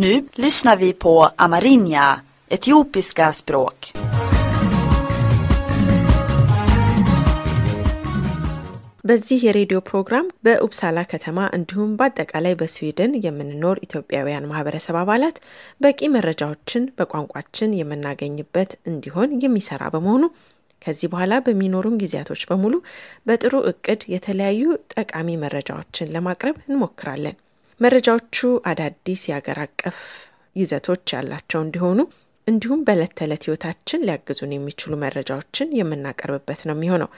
Nu lyssnar vi på Amarinja, etiopiska språk. በዚህ የሬዲዮ ፕሮግራም በኡብሳላ ከተማ እንዲሁም በአጠቃላይ በስዊድን የምንኖር ኢትዮጵያውያን ማህበረሰብ አባላት በቂ መረጃዎችን በቋንቋችን የምናገኝበት እንዲሆን የሚሰራ በመሆኑ ከዚህ በኋላ በሚኖሩን ጊዜያቶች በሙሉ በጥሩ እቅድ የተለያዩ ጠቃሚ መረጃዎችን ለማቅረብ እንሞክራለን። መረጃዎቹ አዳዲስ የአገር አቀፍ ይዘቶች ያላቸው እንዲሆኑ እንዲሁም በዕለት ተዕለት ህይወታችን ሊያግዙን የሚችሉ መረጃዎችን የምናቀርብበት ነው የሚሆነው።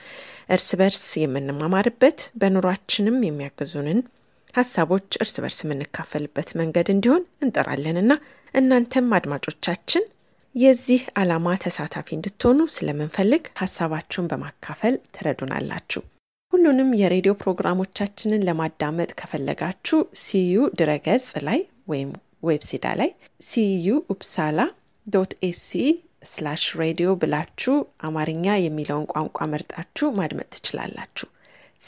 እርስ በርስ የምንማማርበት በኑሯችንም የሚያግዙንን ሀሳቦች እርስ በርስ የምንካፈልበት መንገድ እንዲሆን እንጠራለንና እናንተም አድማጮቻችን የዚህ ዓላማ ተሳታፊ እንድትሆኑ ስለምንፈልግ ሀሳባችሁን በማካፈል ትረዱናላችሁ። ሁሉንም የሬዲዮ ፕሮግራሞቻችንን ለማዳመጥ ከፈለጋችሁ ሲዩ ድረገጽ ላይ ወይም ዌብሲዳ ላይ ሲዩ ኡፕሳላ ዶት ኤሲ ስላሽ ሬዲዮ ብላችሁ አማርኛ የሚለውን ቋንቋ መርጣችሁ ማድመጥ ትችላላችሁ።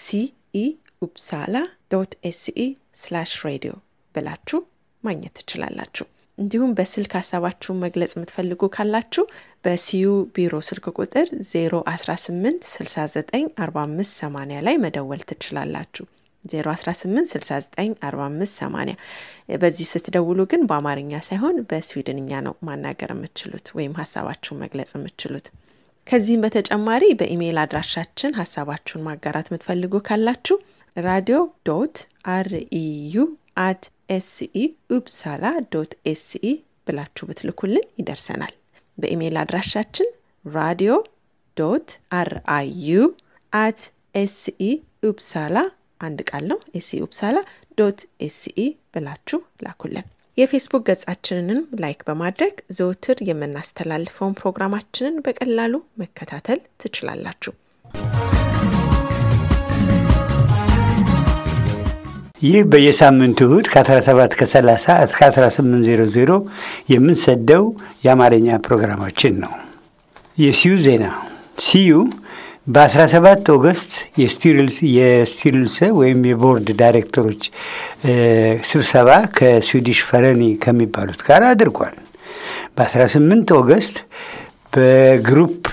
ሲኢ ኡፕሳላ ዶት ኤስኢ ስላሽ ሬዲዮ ብላችሁ ማግኘት ትችላላችሁ። እንዲሁም በስልክ ሀሳባችሁን መግለጽ የምትፈልጉ ካላችሁ በሲዩ ቢሮ ስልክ ቁጥር 018 694580 ላይ መደወል ትችላላችሁ። 0186945 በዚህ ስትደውሉ ግን በአማርኛ ሳይሆን በስዊድንኛ ነው ማናገር የምችሉት ወይም ሀሳባችሁን መግለጽ የምችሉት ከዚህም በተጨማሪ በኢሜይል አድራሻችን ሀሳባችሁን ማጋራት የምትፈልጉ ካላችሁ ራዲዮ ዶት አርኢዩ አት ኤስኢ ኡፕሳላ ዶት ኤስኢ ብላችሁ ብትልኩልን ይደርሰናል። በኢሜይል አድራሻችን ራዲዮ ዶት አርአዩ አት ኤስኢ ኡፕሳላ አንድ ቃል ነው ኤስኢ ኡፕሳላ ዶት ኤስኢ ብላችሁ ላኩልን። የፌስቡክ ገጻችንንም ላይክ በማድረግ ዘውትር የምናስተላልፈውን ፕሮግራማችንን በቀላሉ መከታተል ትችላላችሁ። ይህ በየሳምንቱ እሁድ ከ17 ከ30 እስከ 1800 የምንሰደው የአማርኛ ፕሮግራማችን ነው። የሲዩ ዜና ሲዩ በ17 ኦገስት የስቲርልሰ ወይም የቦርድ ዳይሬክተሮች ስብሰባ ከስዊዲሽ ፈረኒ ከሚባሉት ጋር አድርጓል። በ18 ኦገስት በግሩፕ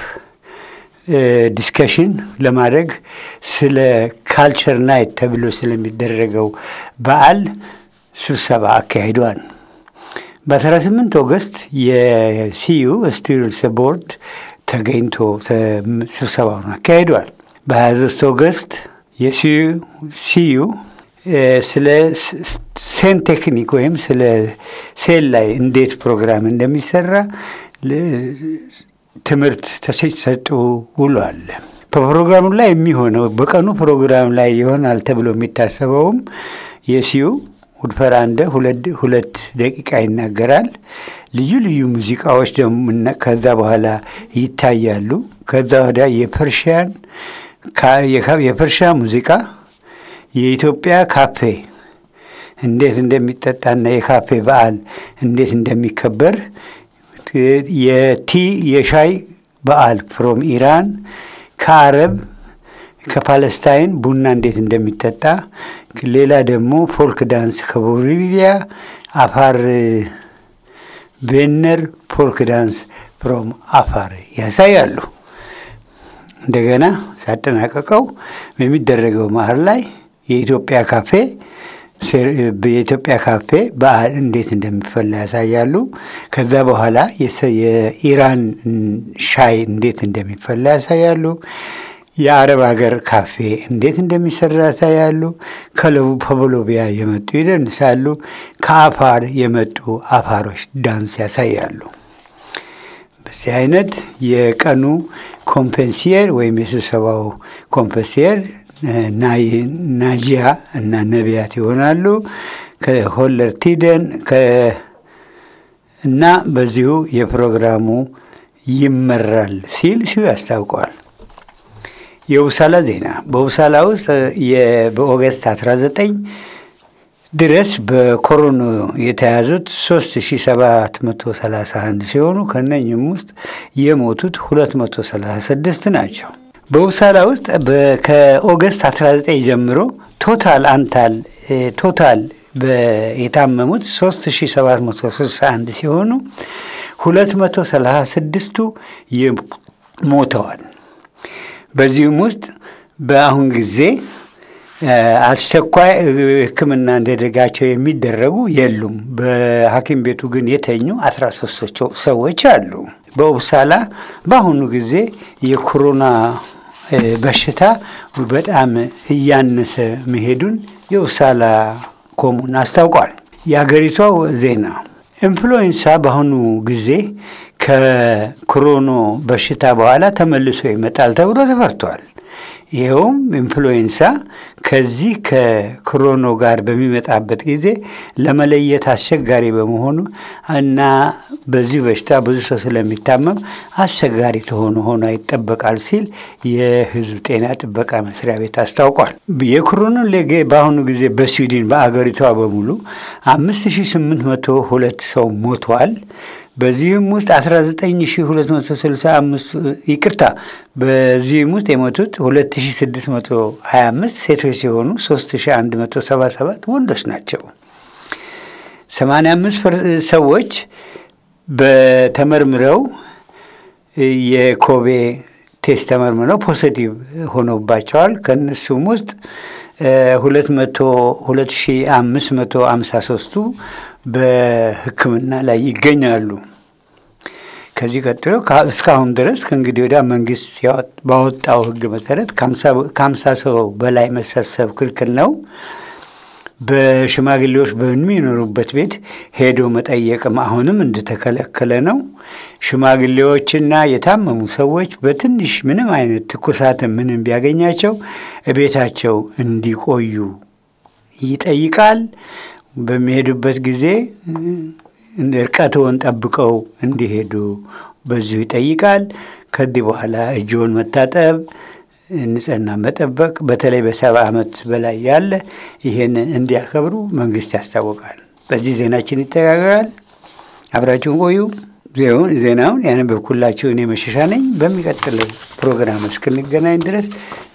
ዲስከሽን ለማድረግ ስለ ካልቸር ናይት ተብሎ ስለሚደረገው በዓል ስብሰባ አካሂደዋል በ በ18 ኦገስት የሲዩ ስቱደንትስ ቦርድ ተገኝቶ ስብሰባውን አካሂዷል። በ23 ኦገስት የሲዩ ስለ ሴን ቴክኒክ ወይም ስለ ሴል ላይ እንዴት ፕሮግራም እንደሚሰራ ትምህርት ተሰጡ ውሏል። በፕሮግራሙ ላይ የሚሆነው በቀኑ ፕሮግራም ላይ ይሆናል ተብሎ የሚታሰበውም የሲዩ ውድፈራንደ ሁለት ደቂቃ ይናገራል። ልዩ ልዩ ሙዚቃዎች ከዛ በኋላ ይታያሉ። ከዛ ወዲያ የፐርሽያን ሙዚቃ የኢትዮጵያ ካፌ እንዴት እንደሚጠጣና የካፌ በዓል እንዴት እንደሚከበር የቲ የሻይ በዓል ፍሮም ኢራን ከአረብ ከፓለስታይን ቡና እንዴት እንደሚጠጣ ሌላ ደግሞ ፎልክ ዳንስ ከቦሊቪያ አፋር ቤነር ፎልክ ዳንስ ፍሮም አፋር ያሳያሉ። እንደገና ሳጠናቀቀው በሚደረገው መሀል ላይ የኢትዮጵያ ካፌ የኢትዮጵያ ካፌ በአል እንዴት እንደሚፈላ ያሳያሉ። ከዛ በኋላ የኢራን ሻይ እንዴት እንደሚፈላ ያሳያሉ። የአረብ ሀገር ካፌ እንዴት እንደሚሰራ ያሳያሉ። ከሎብያ የመጡ ይደንሳሉ። ከአፋር የመጡ አፋሮች ዳንስ ያሳያሉ። በዚህ አይነት የቀኑ ኮምፔንሲየር ወይም የስብሰባው ኮምፔንሲየር ናጂያ እና ነቢያት ይሆናሉ። ከሆለር ቲደን እና በዚሁ የፕሮግራሙ ይመራል ሲል ሲሁ ያስታውቀዋል። የውሳላ ዜና በውሳላ ውስጥ በኦገስት 19 ድረስ በኮሮኖ የተያዙት 3731 ሲሆኑ ከነኝም ውስጥ የሞቱት 236 ናቸው። በውሳላ ውስጥ ከኦገስት 19 ጀምሮ ቶታል አንታል ቶታል የታመሙት 3761 ሲሆኑ 236ቱ ሞተዋል። በዚሁም ውስጥ በአሁን ጊዜ አስቸኳይ ሕክምና እንደደጋቸው የሚደረጉ የሉም። በሐኪም ቤቱ ግን የተኙ 13 ሰዎች አሉ። በውብሳላ በአሁኑ ጊዜ የኮሮና በሽታ በጣም እያነሰ መሄዱን የውሳላ ኮሙን አስታውቋል። የአገሪቷ ዜና ኢንፍሉዌንሳ በአሁኑ ጊዜ ከክሮኖ በሽታ በኋላ ተመልሶ ይመጣል ተብሎ ተፈርቷል። ይኸውም ኢንፍሉዌንሳ ከዚህ ከክሮኖ ጋር በሚመጣበት ጊዜ ለመለየት አስቸጋሪ በመሆኑ እና በዚህ በሽታ ብዙ ሰው ስለሚታመም አስቸጋሪ ተሆኑ ሆኖ ይጠበቃል ሲል የሕዝብ ጤና ጥበቃ መስሪያ ቤት አስታውቋል። የክሮኖ ሌጌ በአሁኑ ጊዜ በስዊድን በአገሪቷ በሙሉ መቶ ሁለት ሰው ሞቷል። በዚህም ውስጥ 19265 ይቅርታ፣ በዚህም ውስጥ የሞቱት 2625 ሴቶች ሲሆኑ 3177 ወንዶች ናቸው። 85 ሰዎች በተመርምረው የኮቤ ቴስት ተመርምረው ፖዘቲቭ ሆኖባቸዋል። ከእነሱም ውስጥ 2553ቱ በሕክምና ላይ ይገኛሉ። ከዚህ ቀጥሎ እስካሁን ድረስ ከእንግዲህ ወዲያ መንግስት ባወጣው ሕግ መሰረት ከሀምሳ ሰው በላይ መሰብሰብ ክልክል ነው። በሽማግሌዎች በሚኖሩበት ቤት ሄዶ መጠየቅም አሁንም እንደተከለከለ ነው። ሽማግሌዎችና የታመሙ ሰዎች በትንሽ ምንም አይነት ትኩሳትን ምንም ቢያገኛቸው ቤታቸው እንዲቆዩ ይጠይቃል። በሚሄዱበት ጊዜ እርቀትዎን ጠብቀው እንዲሄዱ በዚሁ ይጠይቃል። ከዚህ በኋላ እጅዎን መታጠብ ንጽህና መጠበቅ በተለይ በሰባ ዓመት በላይ ያለ ይህን እንዲያከብሩ መንግስት ያስታውቃል። በዚህ ዜናችን ይተጋገራል አብራችሁን ቆዩ። ዜናውን ያነበብኩላችሁ እኔ መሸሻ ነኝ። በሚቀጥለው ፕሮግራም እስክንገናኝ ድረስ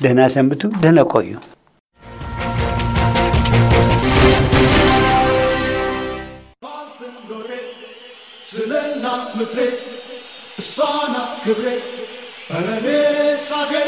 ደህና ሰንብቱ፣ ደህና ቆዩ። ስለ እናት እሷ ናት ክብሬ እኔስ አገሬ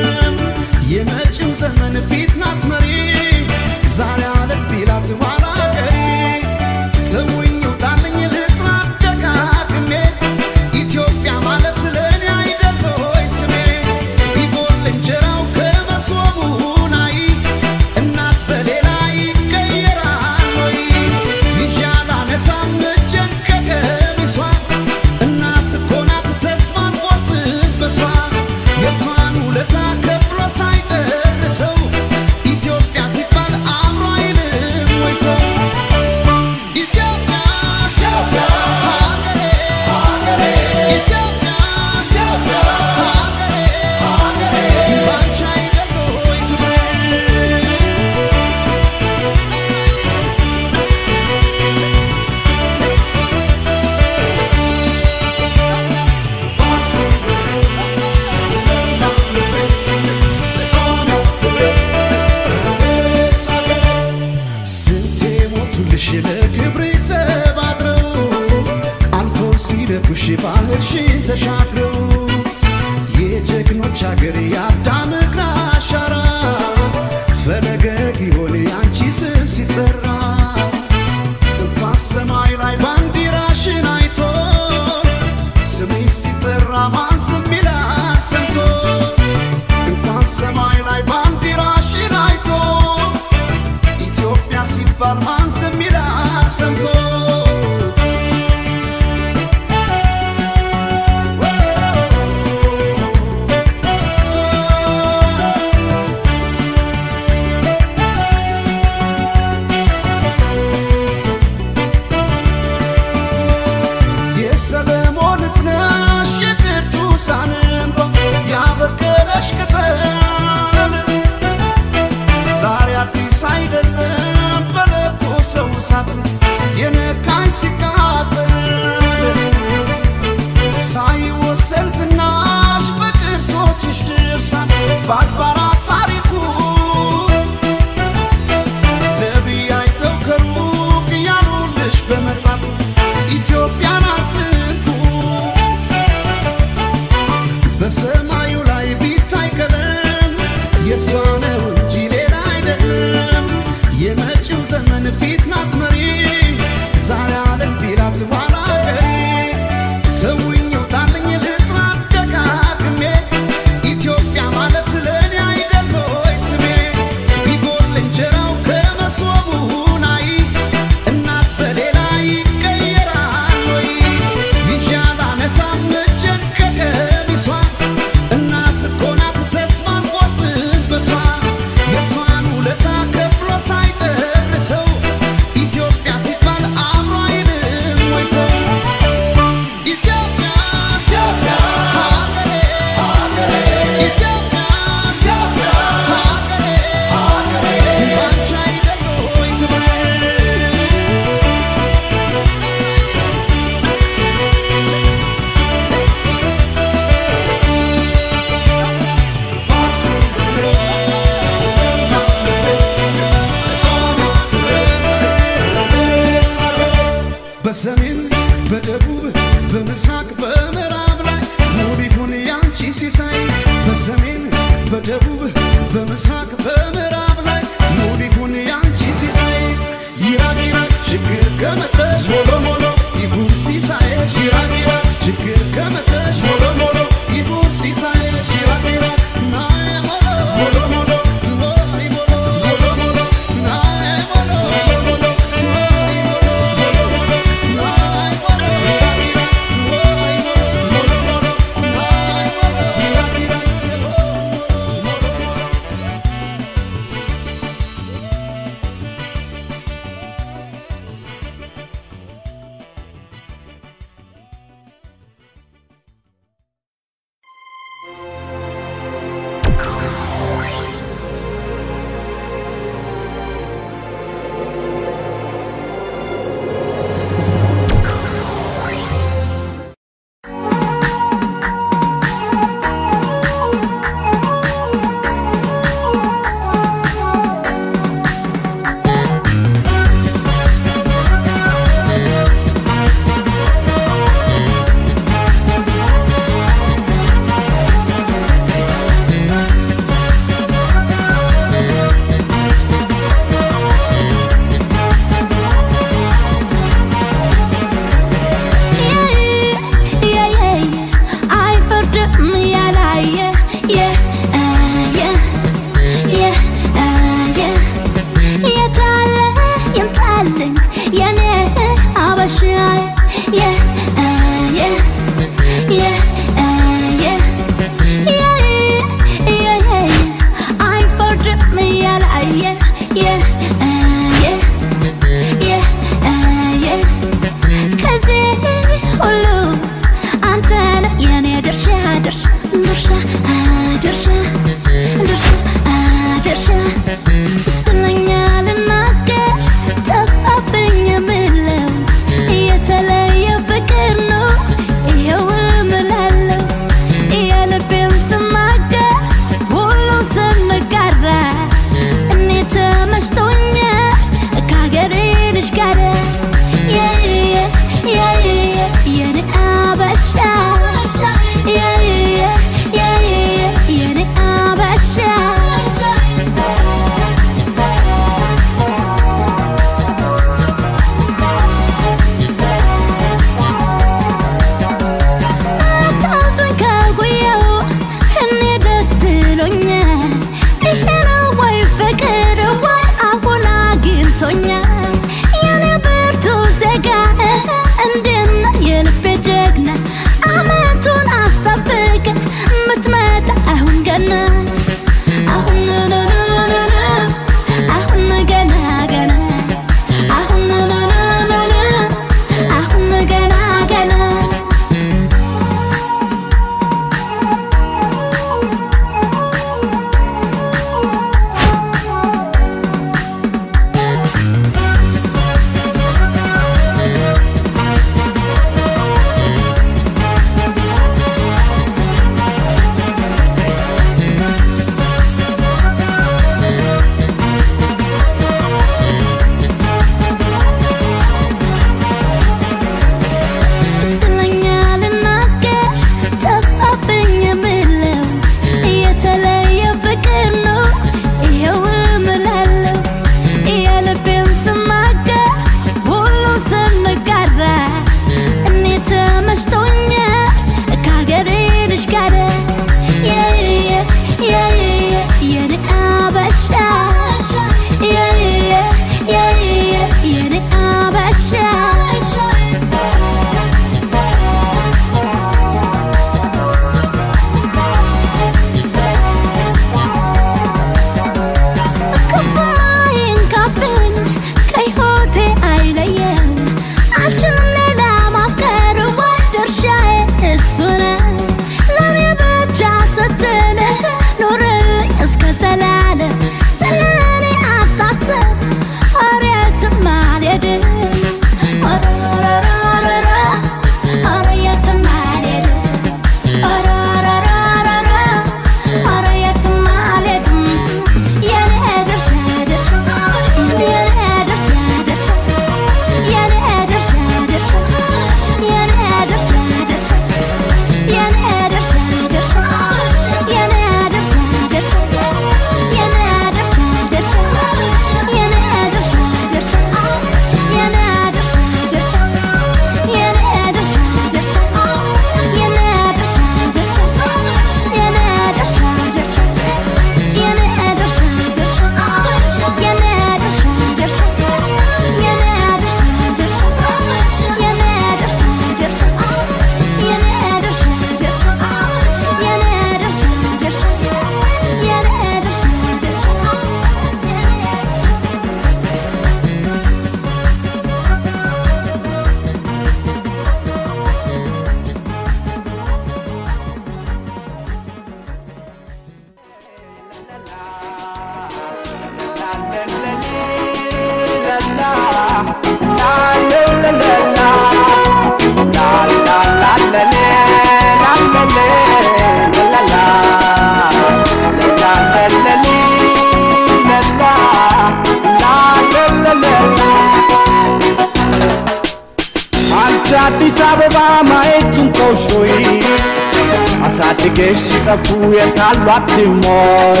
ልጆችሽ ሲጠፉ የት አሉ ሞይ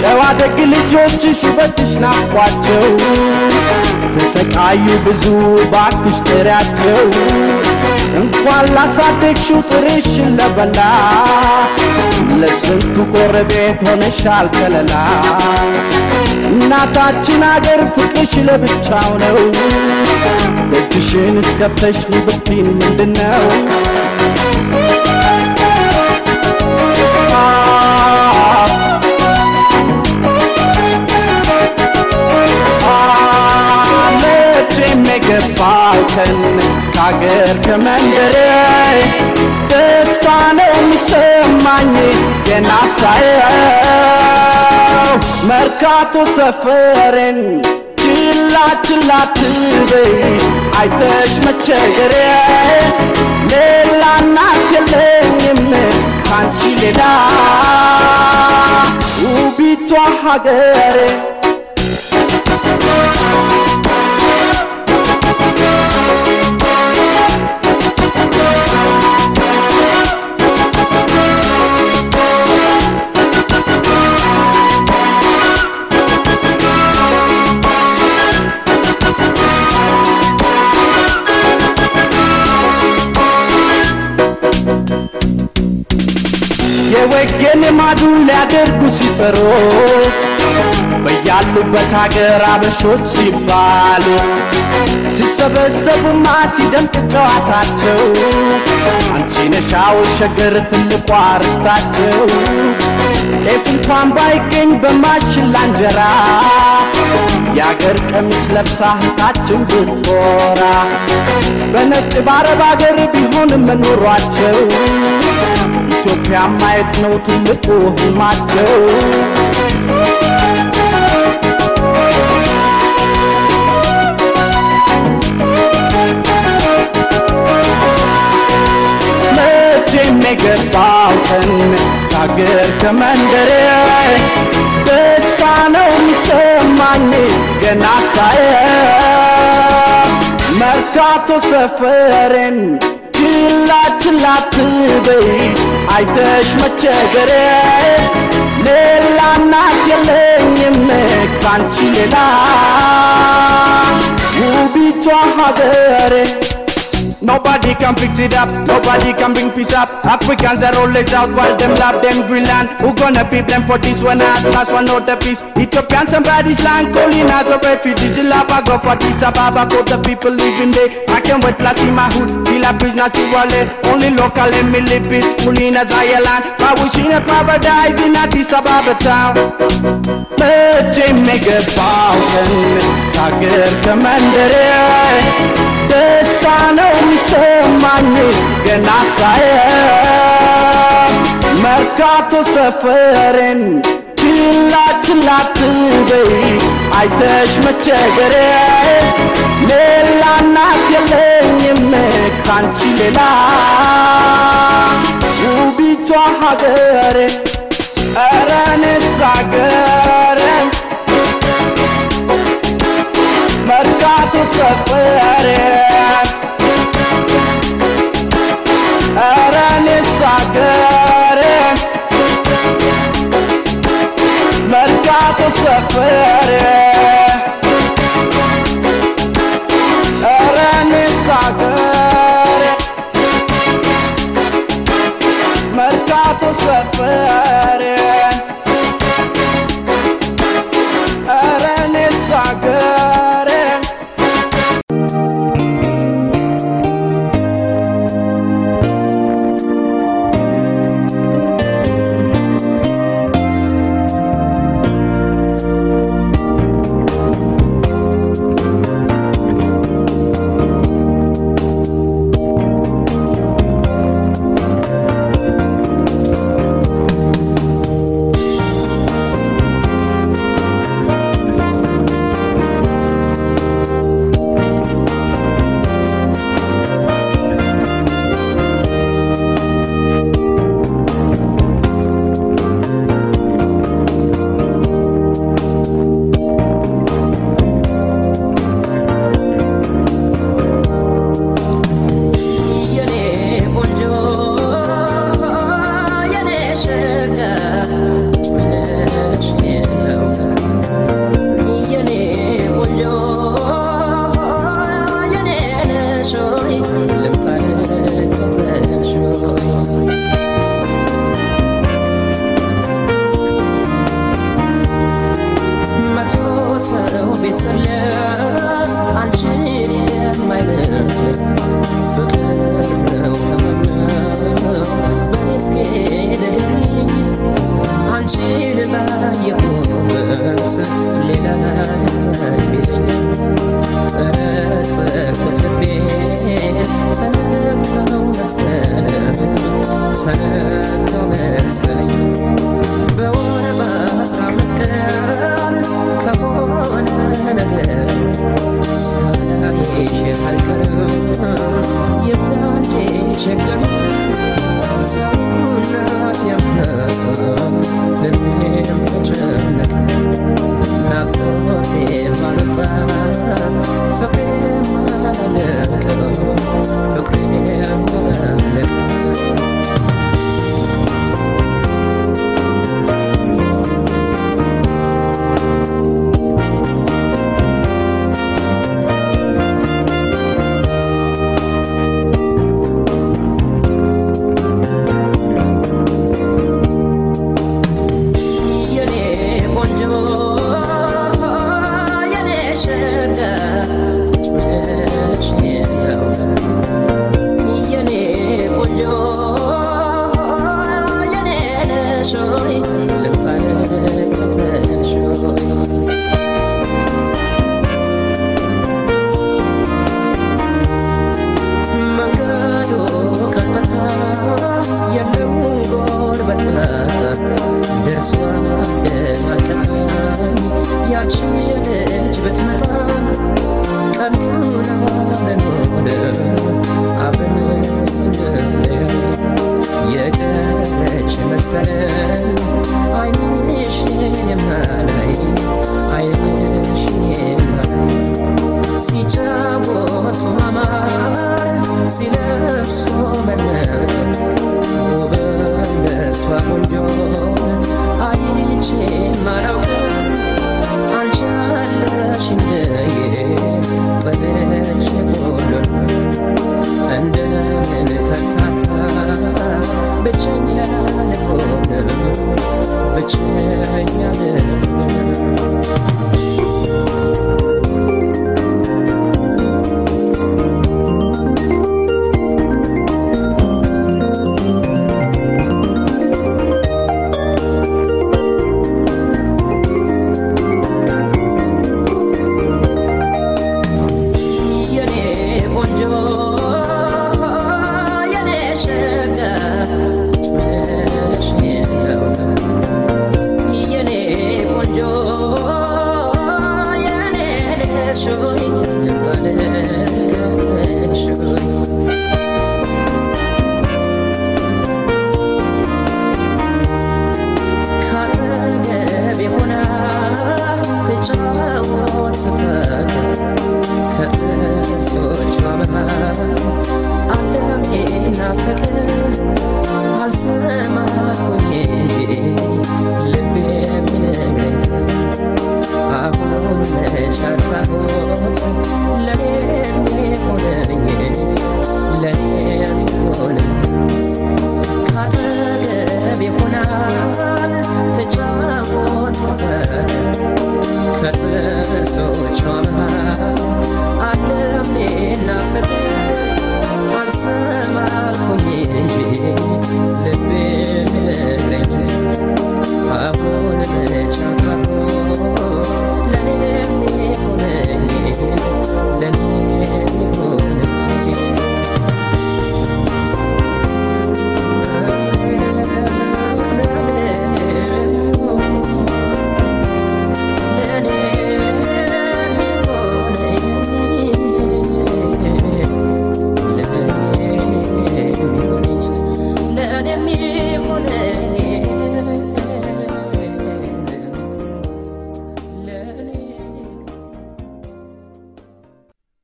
ጨዋ ደግ ልጆችሽ ውበትሽ ናፍቋቸው ተሰቃዩ ብዙ ባክሽ ጥሪያቸው እንኳን ላሳደግሽው ጥሬሽን ለበላ ለስንቱ ጎረቤት ሆነሻል ከለላ እናታችን አገር ፍቅርሽ ለብቻው ነው ደጅሽን እስከፍተሽ ብትይን ምንድነው አንተን ከአገር ከመንደር ደስታ ነው የሚሰማኝ የናሳየው መርካቶ ሰፈሬን ችላ ችላ ትበይ አይተሽ መቸገሬ ሌላ እናት የለኝም ካንቺ ሌላ ውቢቷ ሀገሬ Eu e genemadul le-a dergusit pe rog ባሉበት ሀገር አበሾች ሲባሉ ሲሰበሰቡማ ሲደምቅ ጨዋታቸው አንቺ ነሻው ሸገር ትልቋ አርስታቸው ጤፍ እንኳን ባይገኝ በማሽላ እንጀራ የአገር ቀሚስ ለብሳ እህታችን ብትኮራ በነጭ ባረብ አገር ቢሆን መኖሯቸው ኢትዮጵያ ማየት ነው ትልቁ ህልማቸው ከአገር ከመንደሬ ደስታ ነው የሚሰማኝ ገና ሳየ መርካቶ ሰፈሬን ችላ ችላ አትበይ አይተሽ መቸገሬ ሌላ እናት የለኝም ካንቺ ሌላ ውቢቷ ሀገሬ Nobody can fix it up, nobody can bring peace up. Africans that roll it out while them love them Greenland. Who gonna be blamed for this one? Us, last one not the peace. Ethiopian somebody's land, calling out the refugees. The lava go for this Ababa, go the people living there. I can not wait to see my hood, Feel like bridge not to wallet. Only local let me live peaceful in a Zion. I wish in a paradise in Addis Ababa town. Merchant make a thousand, I get commander. The star knows ሰማኝ ገና ሳየው መርካቶ ሰፈሬን ችላ ችላ ትበይ አይተሽ መቸገሬ ሌላ እናት የለኝም ካንቺ ሌላ ውቢቷ ሀገሬ ኧረ ሀገሬ መርካቶ ሰፈሬ nos